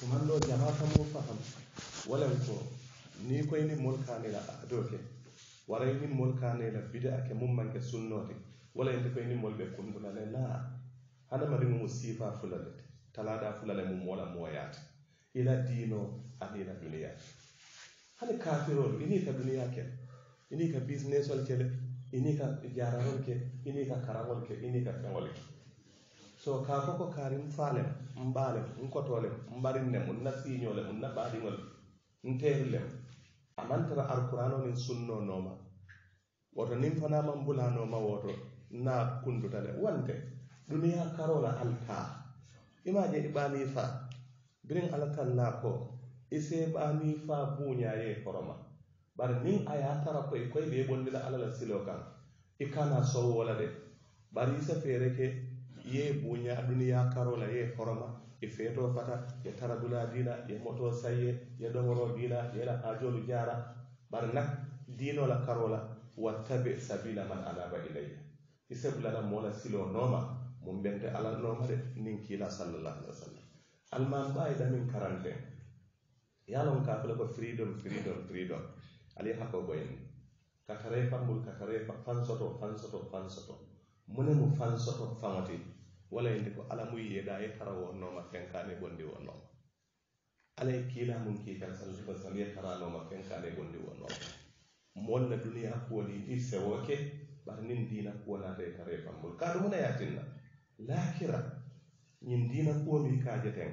tuman ɗo jama kamo faham wala ko ni koye ni mol la ado ke waray ni mol la bida ke mum manke sunnote wala ni koye ni mol ɓe kundulale la hadamadiŋo mu siifa fulale talada fulale mu mola moyat ila dino ani ila hada kafiro ni ta ka ke ini ka business wal ke ini ka jararol ke ini ka karaŋol ke ini ka feŋol ke so ka fo ko kaariŋ faalem mbaalem nkotolem mbariŋ nemu nna siiñoo lemu nna baadiŋol nteeri lemu a maŋ tara alkuraano niŋ sunnoo nooma woto niŋ fanaŋ maŋ bulaa nooma woto nna kunduta le wante duniyaa karoo la ali kaa i maŋ je i baamii faa biriŋ ala kallaa ko ise se fa faa buuñaa ye koroma bari niŋ aya tara koyi koyi be i bondi la ala la siloo kaŋ i kana sowo de bari i se ke ye buña duniya karo la ye horoma e feeto fata ye tara dula dina ye moto sayye ye dogoro dina ye la hajolu jara bar dino la karo wattabi sabila man anaba ilayya i sebulana mola silo noma mum ala noma de nin kila sallallahu alaihi wasallam alman bayi damin karante yalon ka fala ko freedom freedom freedom ali hakko boyen katare famul katare fansoto fansoto fansoto mune mu fansoto fangati walayinde ko ala muy yeeɗa ye tara wonnoma fenkane bonndi wonnoma ala ye kiila mum kiitan sa suba sam ye taranoma fenkane bonndi wonnoma mool na duniya kuwoli i sewo ke bari nin diina kuwo naata ye tara ye fambol kaa ɗumuna yatinna laakira ñin diina kuwo min kaajeten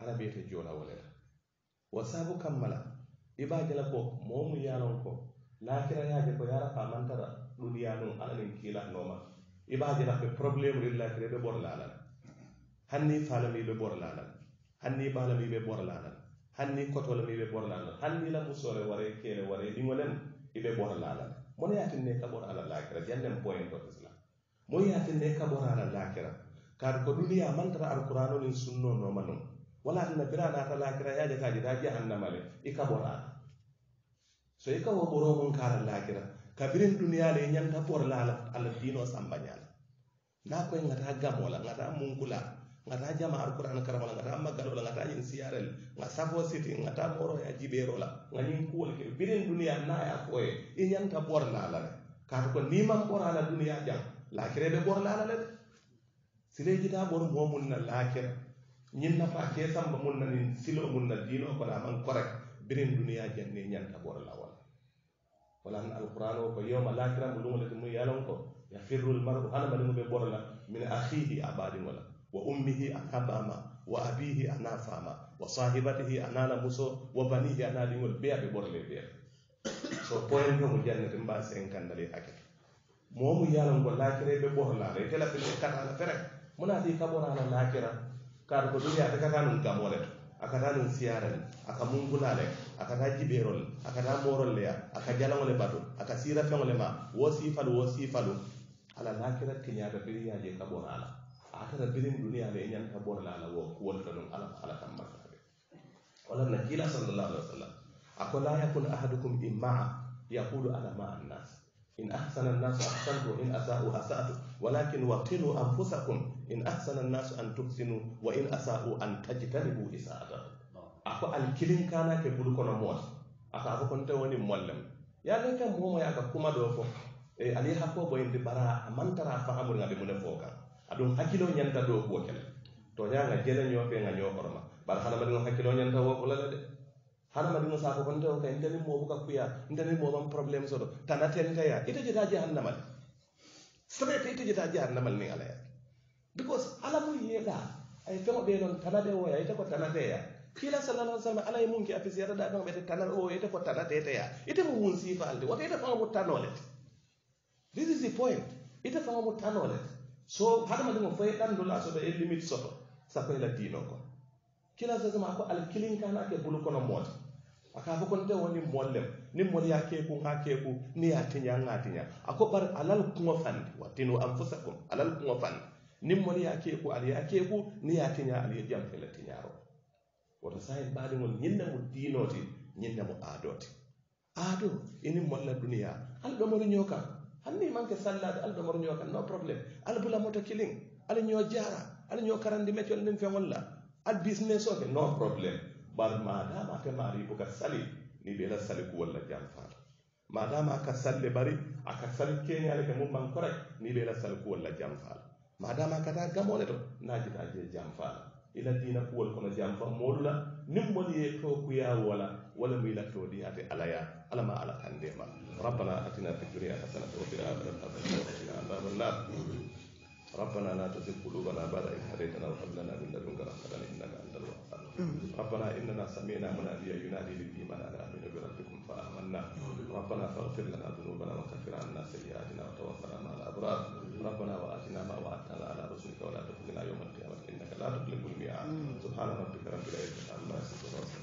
ala biyete joola woleta wa saabu kammala i jala ko moo mu yaalon ko laakira yaaje ko yaara faamantara ɗuniya num ala nin kiila nooma i ba a je nafe problème ri la kere i be bor la la hanni falami i be bor la la hanni balami i be bor la la hanni kotolami i be bor la la hanni la musole ware kele ware diŋolem i be bor la la mono ye tinne ka bor ala lakira jannen poyento tesla mo ye tinne ka bor ala lakira kaatu ko duniya mantara alkurano nin sunno nooma num wala tana bira naata lakira ye je kaa jeta jahannama le i ka bor ala so i ka wo boro mun ka ala lakira kabirin duniyale ñanta borla ala ala dino sambañala na koy ngata gamola ngata munkula ngata jama alquran karamola ngata magalola ngata ñin siyarel nga safo siti ngata moro ya jiberola nga ñin kuwol ke birin duniya na ya koye i ñanta borla ala le kaatu ko ni man bor ala duniya jang lakire be borla ala le sile jita bor mo mun na lakira ñin na fa ke samba mun na nin silo mun na dino ko la man korek birin duniya jang ne ñanta borla wala wala alqur'ano ko yowma lakira mo lumo lati mum yalon ko yafirru almar'u ala mani muɓe borla min akhihi a baɗin wala wa ummihi a kabama wa abihi ana fama wa sahibatihi anana muso wa banihi ana ɗingol ɓe aɓe borle ɓeya so poyen ko mo jannete mba sen kandale hakkete momu yalon ko lakira ɓe borlala e tela ɓe katala fere munati kaɓorala lakira kaata ko duniya te kaka num gamole akananin siyaren aka munkunale akata jiberol akata morol leya aka jalaŋole batu aka sira feŋole ma wo sifalu ala nakira kiñata biriya je ka bona ala atara birin duniya le ñanta bona ala wo kuwolta nun ala ala tambartaɓe wala nakila kila sallallahu alaihi wasallam ako yakun ahadukum imma, yaqulu ana ma annas in ahsana an-nasu ahsantu in asa'u asa'tu walakin waqilu anfusakum in ahsana an-nasu an tuhsinu wa in asa'u an tajtalibu isa'ata ako alkilin kana ke buluko na mos aka ko konta woni mollem ya le kam mo mo yaka kuma do fo e ali hakko bo indi bara amantara fa amur ngabe mun foka adum hakilo nyanta do ko kel to nyaanga jela nyobe nga nyoborma bar hala ma ngi hakilo nyanta wo wala de hadamadiŋo saafo ko nte kay ndemi miŋ moo buka kuyaa nte miŋ moo maŋ problème soto tana tenteya ite jeta jahannama le straight ite jeta jahannama le niŋ alla ye because alla mu yeeta a ye feŋo bee loŋ de woya ite ko tana teya kiila sallallahu alaihi wasallam ala ye muŋ ke a fisiyata daa bete tana o ite ko tana teteya ite mu wuŋ siifaal de woto ite faŋo mu tanoo this is the point ite faŋo mu tanoo le so hadamadiŋo fo ye ɗandulaa soto ye limite soto sako ye la diinoo kono kila sasema ako alikilin kana ke bulu kono moti akafo konte woni mollem ni mol ya keku nga keku ni ya tinya ako bar alal kungo fandi watinu anfusakum alal kungo fandi ni mol ya keku al ya keku ni ya tinya al ya jam fele tinyaro woto sai badi mon nyinna mu dinoti nyinna mu adoti ado ini molla duniya al do mor nyoka hanni manke sallade al do mor nyoka no problem al bula moto killing al nyo jara al nyo karandi metol nim fe molla at business okay no problem bar madama akamaaribu kasali ni bela sali kuwalla janfala madama aka salle bari aka sali keñale ke mum man korek ni bela sali kuwalla janfala madama akata gamole to najita je janfala ila dina kuwol kono janfa molula nim boni ye to kuya wala wala mi la to di ate alaya ala ala tan ma rabbana atina fid dunya hasanatan wa fil akhirati hasanatan wa qina adhaban nar ربنا لا تزغ قلوبنا بعد إذ هديتنا وهب لنا من لدنك ربنا إننا سمعنا مناديا ينادي للإيمان أن آمنوا بربكم فآمنا ربنا فاغفر لنا ذنوبنا وكفر عنا سيئاتنا وتوفنا مع الأبرار ربنا وآتنا ما وعدتنا على رسلك ولا تخزنا يوم القيامة إنك لا تخلف الميعاد سبحان ربك رب العزة عما يصفون